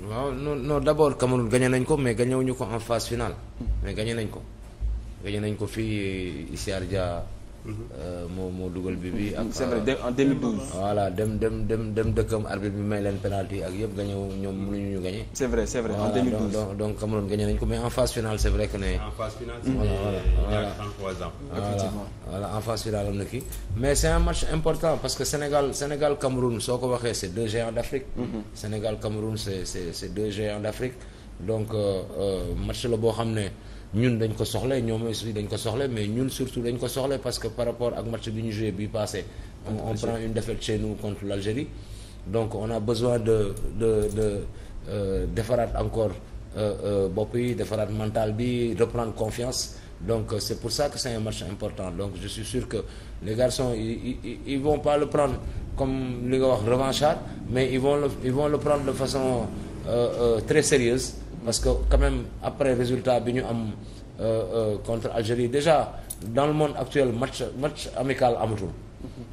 waaw non non d'abord Cameroun gañe nañ ko mais gagné ko en phase finale mais gagné nañ ko gagné nañ ko fii Issa Dia Euh, moo moo dugal bi bi ak c'est vrai en 2012. dem dem dem dem dëkkam arbitre bi may leen penalty ak yëpp gañew ñoom mënuñu ñu gañe c'est vrai c'est vrai en 2012 donc donc Cameroun gañe nañ ko mais en phase finale c'est vrai que ne. en phase finale na kii mais c'est un match important parce que Sénégal Sénégal Cameroun soo ko waxee c'est deux géants d'Afrique. Mm-hmm. Sénégal Cameroun c'est c'est c'est deux géants d'Afrique donc euh, euh, match la boo xam ne. ñun dañ ko soxla ñoom aussi dañ ko soxla mais ñun surtout dañ ko soxla parce que par rapport ak match bi ñu joué bi passé on, on prend une défaite chez nous contre l'Algérie donc on a besoin de de de euh, encore euh, euh, yi defaraat mental bi reprendre confiance donc euh, c'est pour ça que c'est un match important donc je suis sûr que les garçons ils, ils, ils vont pas le prendre comme li nga wax revanchard mais ils vont le prendre de façon euh, euh, très sérieuse parce que quand même après résultat bi ñu am euh, euh, contre Algérie déjà dans le monde actuel match match amical amatul.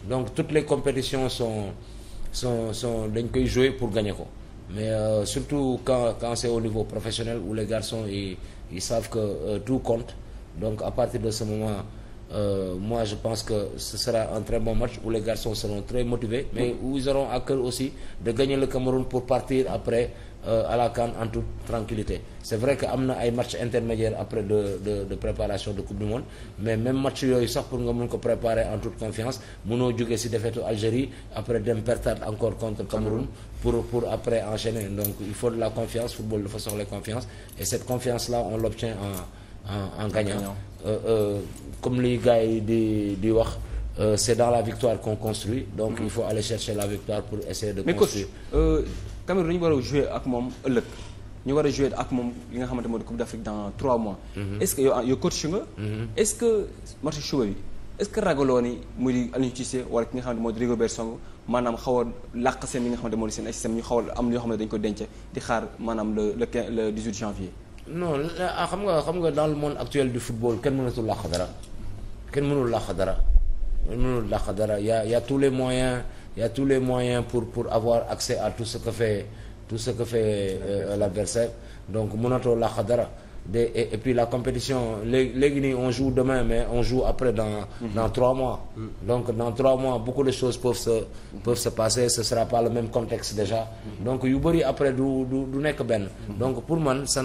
donc toutes les compétitions sont sont sont dañ koy jouer pour gagner ko mais euh, surtout quand quand c'est au niveau professionnel où les garçons ils ils que tout compte donc à partir de ce moment euh, moi je pense que ce sera un très bon match où les garçons seront très motivés mais où ils à cœur aussi de gagner le Cameroun pour partir après Euh, à la CAN en toute tranquillité c'est vrai que am na ay match intermédiaire après de de de préparation de coupe du monde mais même match yooyu sax pour nga mun ko préparer en toute confiance munoo jógee ci défaitu Algérie après dem pertaat encore contre Cameroun pour pour après enchaîner donc il faut de la confiance football dafa soxla confiance et cette confiance là on l'obtient en en en gagnant euh, euh, comme li gars yi di di wax c'est dans la victoire qu'on construit donc mm -hmm. il faut Cameroun dañu war a jouer ak moom ëllëg ñu war a ak moom li nga xamante moo di Coupe d'Afrique dans trois mois mhm. est-ce yow yow coach nga mhm. est match suba bi est-ce que ni muy di Aliou Cissé wala ki nga xamante moo di Rigobert Song maanaam xaw a làq seen li nga xamante moo di seen ay système ñu xaw am yoo xam ne dañu ko denc di xaar maanaam le le quinze le janvier non ah, xam nga xam nga dans le monde actuel du football kenn mënatul làq dara kenn mënul làq dara mënul làq dara y a y il y a tous les moyens pour pour avoir accès à tout ce que fait tout ce que fait euh, euh, l'adversaire donc mënatoo la dara de et, et la compétition léegi léegi nii on jour demain mais on jour après dans mm -hmm. trois mois mhm. donc dans trois mois beaucoup de choses peuvent se peuvent se passer ce sera pas le même contexte déjà mhm. donc yu bëri après du du du nekk benn mhm. donc pour man ça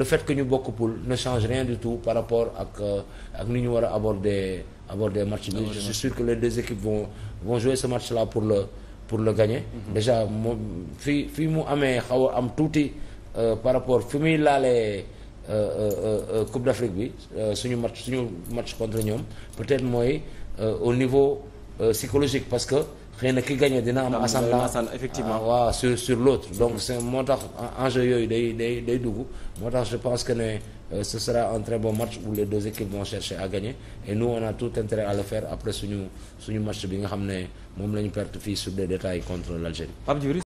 le fait que ñu bokk poule ne change rien du tout par rapport ak euh, ak ni ñu war a aborder aborder match bi je suis sûr que les deux équipes vont vont jouer ce match là pour le pour le gagner mhm. déjà moom fii fii mu amee xaw a am tuuti euh, par rapport fi muy laalee euh, euh, Coupe d'Afrique bi suñu match suñu match contre ñoom peut-être mooy au niveau psychologique parce que xëy na ki gagné dina am ascendant effectivement ah, waaw sur sur l'autre donc moo tax enjeu yooyu day day day dugg moo tax je pense que ne euh, ce sera un très bon match où les deux équipes vont chercher à gagner et nous on a tout intérêt à le faire après suñu suñu match bi nga xam ne moom la ñu perte fii sur des détails contre l'Algérie